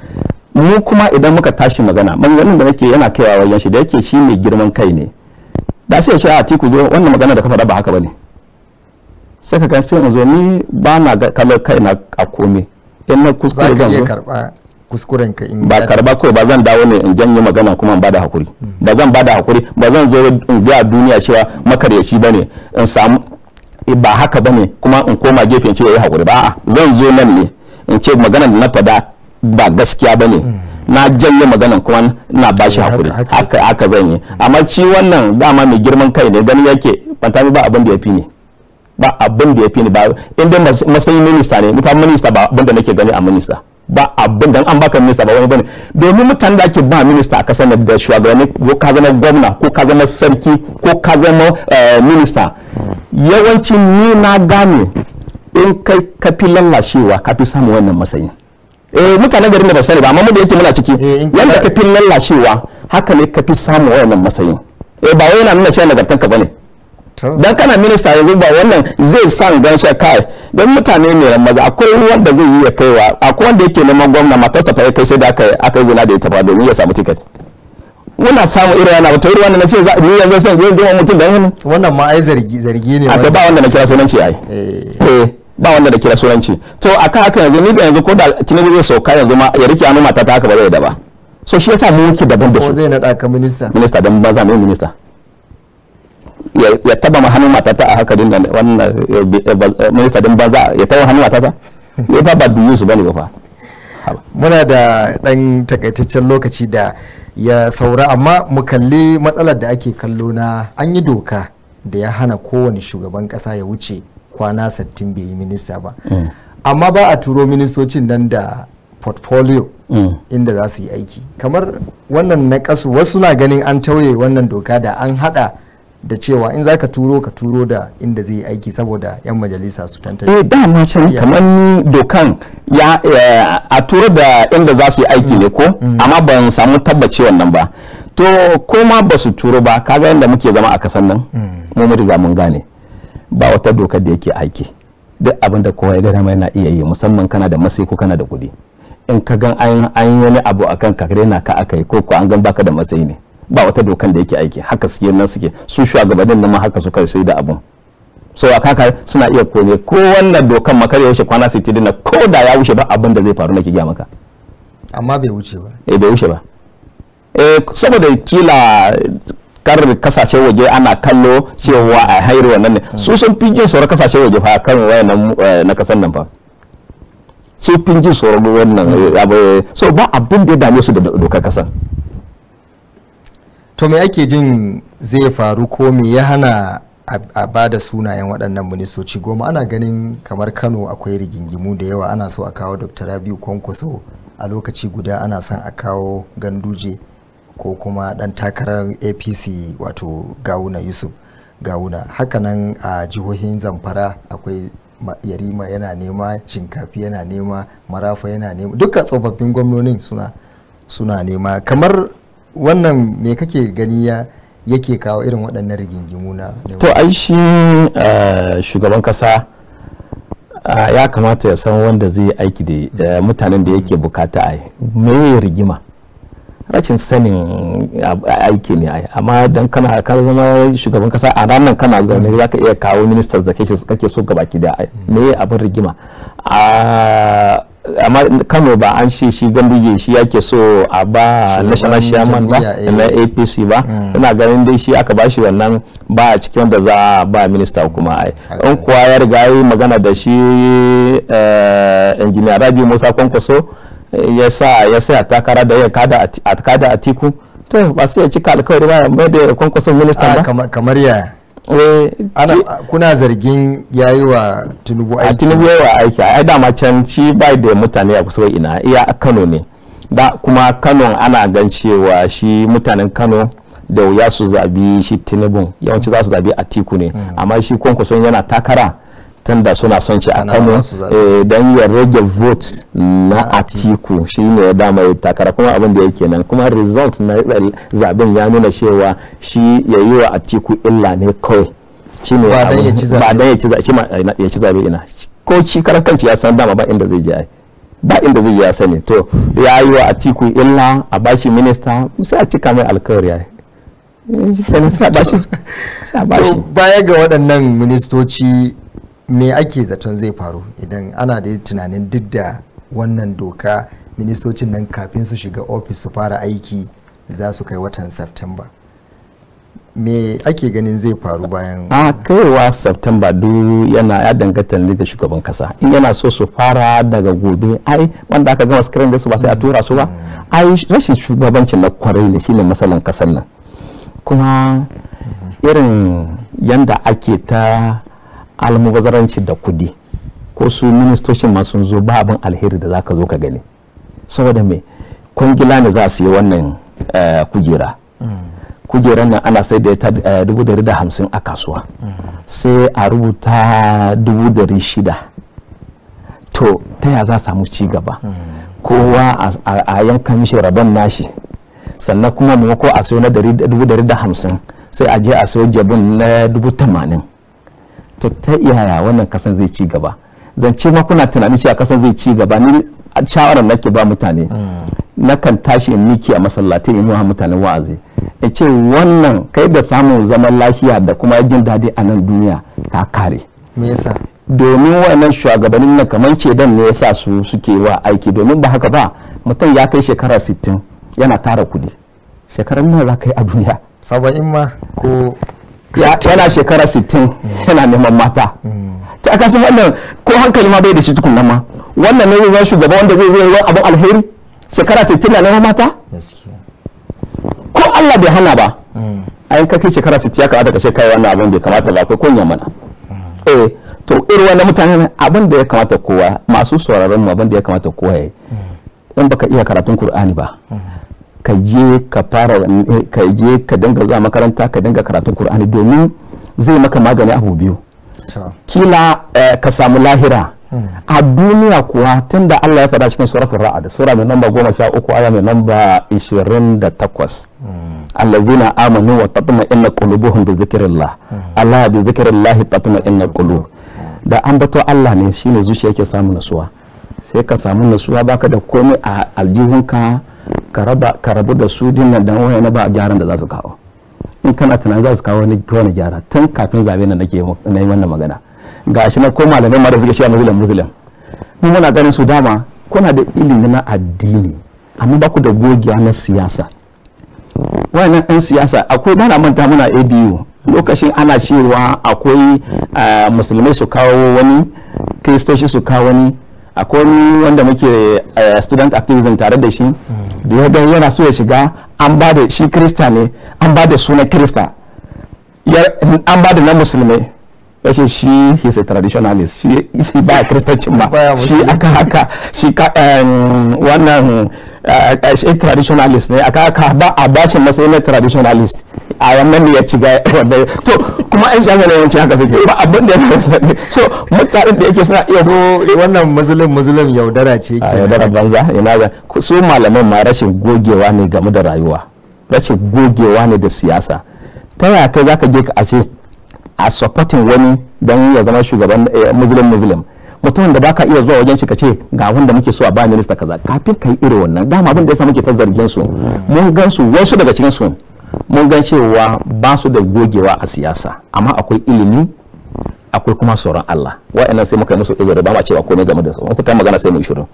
mu kuma idan muka tashi magana maganganun da nake yana kaiwa wajen shi da yake shi mai girman kai ne da sai ya ce a tiku zo wannan magana da ka faɗa ba haka bane sai ka gan sai na zo ni ba na kai na a komai in na kuskure zan zo kuskuren ka in ba karba ko ba zan dawo ne in janye magana kuma in bada hakuri da hmm. zan bada hakuri ba zan zo in ga duniya cewa makaryaci bane in samu eh, ba haka bane kuma in koma gefe in ce yayi eh, hakuri ba a'a zan zo nan ne in ce magana da na fada ba gaskiya bane hmm. na janye magana kuma na bashi eh, hakuri haka haka zan yi amma ci wannan dama mai girman kai ne gani yake ban ba abin da ya fi ne ba abin da ya fi ni ba in dai matsayin minista ne ni minista ba abin da nake gani a minista ba abin da an baka minista ba wani bane domin mutane da ake ba minista a kasar da shugabanni ko ka zama gwamna ko ka zama sarki ko ka zama eh, minista yawanci ni na gane in kai ka fi lallashewa ka fi samun wannan matsayin eh mutanen garin da ba sani ba amma da yake muna ciki eh, yanda ka fi lallashewa haka ne ka fi samun wannan matsayin eh ba wai yana nuna cewa nagartanka bane dan kana minista yanzu ba wannan zai san ganshe kai don mutane ne ran maza akwai wanda zai yi ya kaiwa akwai wanda yake neman gwamna matarsa fa ya kai sai da aka aka zina da ita fa domin ya samu tiket muna samu irin yana wata irin wannan sai ni yanzu san gurin dima mutum da dan wannan ma ai zargi zargi ne a ba wanda na kira sunanci ai eh, eh ba wanda da kira sunanci to akan haka yanzu ni da yanzu ko da tinubu zai sauka yanzu ma ya rike hannu mata ta haka ba zai da ba so shi yasa mu yake daban da su ko zai nada ka minista minista dan ba za mu minista ya taba ma hannun matata a haka dinda wannan mai eh, eh, eh, fadin banza ya taba hannun matata ya ba ba duniya su bane ba muna da ɗan takaitaccen lokaci da ya saura amma mu kalli matsalar da ake kallo na an yi doka da ya hana kowane shugaban ƙasa ya wuce kwana sattin bai yi minista ba mm. amma ba a turo ministocin nan da portfolio mm. inda za su yi aiki kamar wannan na kasu wasu na ganin an tauye wannan doka da an hada da cewa in zaka turo ka turo da inda zai aiki saboda 'yan majalisa su tantance. Eh dama can kamar ni dokan ya eh, a turo da inda za su yi aiki ne mm. ko mm. amma ban samu tabbaci wannan ba. To ko ma ba su turo ba kaga yadda muke zama a kasan nan mm. mu mu riga mun gane ba wata dokar da yake aiki duk abin da kowa ya gana mai na iya yi musamman kana da masai ko kana da kuɗi in ka gan an yi wani abu akan ka na ka aka yi ko ko an gan baka da matsayi ne. ba wata dokan da yake aiki haka suke nan suke su shugabannin nan ma haka suka sai da abun sau a kaka suna iya kone ko wannan dokan makar ya wuce kwana 60 na ko da ya wuce ba abin da zai faru na ki maka amma bai wuce ba eh bai wuce ba eh saboda kila kar kasashe waje ana kallo cewa a hairu wannan ne su sun fi jin tsoron kasashe waje fa kan wayannan eh, na kasan nan fa su fi jin tsoron wannan eh, eh, so ba abin da ya dame su da dokar kasan to me ake jin zai faru ko me ya hana a ba da sunayen waɗannan ministoci goma ana ganin kamar kano akwai rigingimu da yawa ana so a kawo dr rabiu kwankwaso a lokaci guda ana son a kawo ganduje ko kuma ɗan takarar apc wato gawuna yusuf gawuna hakanan a jihohin zamfara akwai yarima yana nema shinkafi yana nema marafa yana nema dukkan tsofaffin gwamnonin suna nema kamar wannan me kake gani ya yake kawo irin waɗannan rigingimu na to ai shi eh, shugaban kasa eh, ya kamata ya san wanda zai aiki da mutanen da yake bukata a me rigima rashin sanin aiki ne ai amma dan kana ka zama shugaban kasa a ranar kana zaune zaka iya kawo ministers da kake so gaba ki da me abin rigima amma kano ba an ce shi ganduje shi yake so a ba national chairman ba eh. na apc ba mm. ina ganin dai shi aka bashi wannan ba a cikin wanda za a ba minista kuma ai in kuwa ya riga yi magana da shi eh, injiniya rabi musa kwankwaso ya sa ya sa takara da ya kada a tiku to ba sai ya cika alkawari ba mai da kwankwason ministan ah, ba kamar ya eh, ana kuna zargin yayi wa tinubu aiki a tinubu yayi wa aiki ai ma can ci bai da mutane a kusa ina iya kano ne da kuma kano ana gan cewa shi mutanen kano da wuya su zabi shi tinubu yawanci za su zabi atiku ne hmm. amma shi kwankwason yana takara tunda suna son shi a Kano eh, don ya rage vote na Atiku shine ya dama ya takara kuma abin da yake nan kuma result na zaben ya nuna cewa shi ya yi wa Atiku illa ne kawai shine ba dan ya ci zabe ba dan ya ci zabe eh, ina ko ci karakanci ya san dama ba inda zai je ai ba inda zai ya sani to ya yi wa atiku illa a bashi minista sai a cika mai alkawari ya eh, bashi baya ga waɗannan ministoci me ake zaton zai faru idan ana da tunanin duk da wannan doka ministocin nan kafin su shiga ofis su fara aiki za su kai watan september me ake ganin zai faru bayan a kaiwa september duk yana ya dangata ne da shugaban kasa in yana so su fara daga gobe ai wanda aka gama screen da su ba sai a mm. tura su ba mm. ai rashin shugabancin na kwarai ne shine masalan kasar nan kuma mm-hmm. irin yanda ake ta almubazaranci da kudi ko su ministoshin ma sun zo ba abin alheri da za ka zo ka gani saboda mai kwangila ne za su yi wannan eh, kujera kujeran nan ana sai da ta eh, dubu dari da hamsin a kasuwa sai a rubuta dubu dari shida to ta ya za samu ci gaba kowa a yankan mishi rabon nashi sannan kuma maimako a sayo na dubu dari da hamsin sai a je a sayo jabin na dubu tamanin to ta iya wannan kasan zai ci gaba zance ma kuna tunanin cewa kasan zai ci gaba ni shawarar nake ba mutane mm. nakan tashi in miki a masallatai in wa mutane wa'azi in ce wannan kai da samun zaman lafiya da kuma jin daɗi a nan duniya ta kare me yasa domin wannan shugabannin na kamar dan ne yasa su suke wa aiki domin ba haka ba mutum ya kai shekara 60 yana tara kudi shekarar nan za ka yi a duniya saba'in ma ko yana shekara 60 yana neman mata ta aka san wannan ko hankali ma bai da shi tukunna ma wannan ne ruwan shugaba wanda zai zai abin alheri shekara 60 na neman mata ko Allah bai hana ba mm. a ka kai shekara 60 ya kamata ka shekai wannan abin bai kamata ba akwai kunya mana mm. eh to irin wannan mutane abin da ya kamata kowa masu sauraron mu abin da ya kamata kowa ya mm. in baka iya karatun Qur'ani ba ka je ka fara eh, ka je ka dinga zuwa makaranta ka dinga karatun Qur'ani domin zai maka magani abu biyu kila eh, ka samu lahira hmm. a duniya kuwa tunda Allah ya faɗa cikin suratul ra'd sura mai namba goma sha uku aya mai namba ishirin da hmm. allazina amanu wa tatma inna qulubuhum bi zikrillah hmm. Allah bi zikrillah tatma inna qulub da an bato Allah ne shine zuciya yake samu nasuwa sai ka samu nasuwa baka da komai a aljihunka ka rabu da su dinnan dan wani na ba gyaran da za su kawo in kana tunanin za su kawo wani gyara tun kafin zabe na nake na yi wannan magana ga shi na ko malamai ma da suka cewa muslim muslim mu muna ganin su dama kuna da ilimi na addini amma ba ku da gogiya na siyasa wayannan ɗan siyasa akwai bana manta muna abu lokacin ana cewa akwai eh, musulmai su kawo wani kiristoci su kawo wani akwai wani wanda muke eh, student activism tare da shi da ya ga yana so ya shiga an ba da shi krista ne an ba da suna krista an ba da na musulmi ya ce shi he's a traditionalist shi ba a kristancin ba shi aka haka shi wannan eh, eh, shi traditionalist ne aka haka ba a bashin matsayin na traditionalist a wannan ne ya ci ga wannan to kuma ai siyasa ne yawanci haka suke ba abin da ya so mutanen da yake suna iya so wannan musulun musulun yaudara ce ah, ke yaudara banza ina ga su malaman ma rashin gogewa ne game da rayuwa rashin gogewa ne da siyasa ta yaya kai zaka je ka ashe a supporting wani don ya zama shugaban muslim eh, muslim mutumin da baka iya zuwa wajen shi ka ce ga wanda muke so a ba minista kaza kafin ka yi irin wannan dama abin da ya sa muke ta zargin su mun gan su wasu daga cikin su mun gan cewa ba su da gogewa a siyasa amma akwai ilimi akwai kuma sauran Allah wa'annan sai muka yi musu izini ba ma cewa komai game da su wasu kan magana sai mu shiru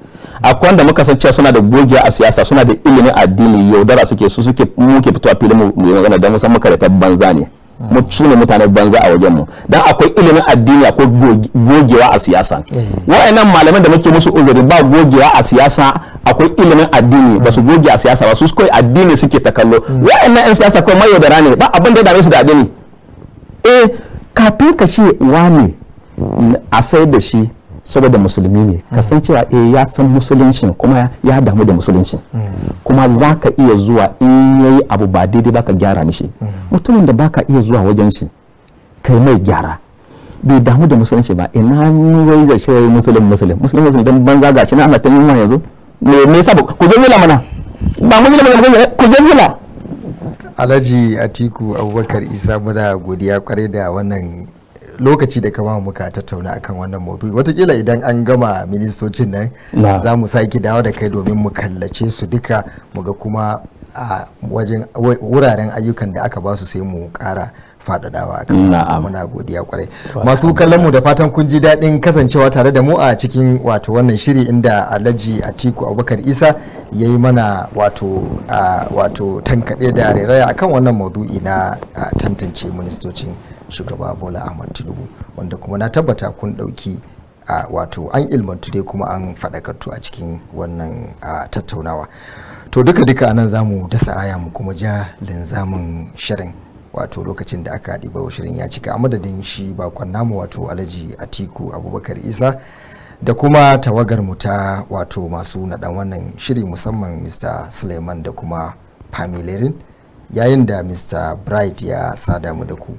akwai wanda muka san cewa suna da gogewa a siyasa suna da ilimi addini yaudara suke su suke muke fitowa filin mu magana dan musan muka banza ne mu ne mutanen banza a wajen mu dan akwai ilimin addini akwai gogewa a siyasa eh. wa'annan malaman da muke musu uzuri ba gogewa a siyasa akwai ilimin addini ba su goge a siyasa ba su kai addini suke ta kallo hmm. wa'annan yan siyasa kawai yaudara ne ba abin da ya dame su da addini eh kafin ka ce wani a sai da shi saboda musulmi ne kasancewa eh ya san musulunci kuma ya damu da musulunci kuma za ka iya zuwa in yayi abu ba daidai baka gyara mishi mutumin da baka iya zuwa wajen shi kai mai gyara bai damu da musulunci ba ina wai da shi musulun musulun musulun musulun dan banza ga shi na ana ta yi wani yanzu me me sabu ku je mila mana ba mu mila mana ku je mila Alhaji Atiku Abubakar Isa muna godiya kwarai da wannan lokaci da kama muka tattauna akan wannan maudu'i watakila idan an gama ministocin nan za mu sake dawo da kai domin mu kallace su duka mu ga kuma a wajen wuraren ayyukan da aka ba su sai mu kara faɗaɗawa a muna godiya kwarai masu kallon mu da fatan kun ji daɗin kasancewa tare da mu a cikin wato wannan shiri inda alhaji atiku abubakar isa ya yi mana wato wato tankaɗe da rairaya akan wannan maudu'i na tantance ministocin shugaba bola ahmad tinubu wanda kuma na tabbata kun dauki a wato an ilmantu dai kuma an faɗakartu a cikin wannan tattaunawa to duka-duka nan zamu mu dasa aya mu kuma ja linzamin shirin wato lokacin da aka ɗibar shirin ya cika a madadin shi bakon namu wato alhaji atiku abubakar isa da kuma tawagar mu ta wato masu naɗan wannan shiri musamman mr suleiman da kuma familerin yayin da mr bright ya sada mu da ku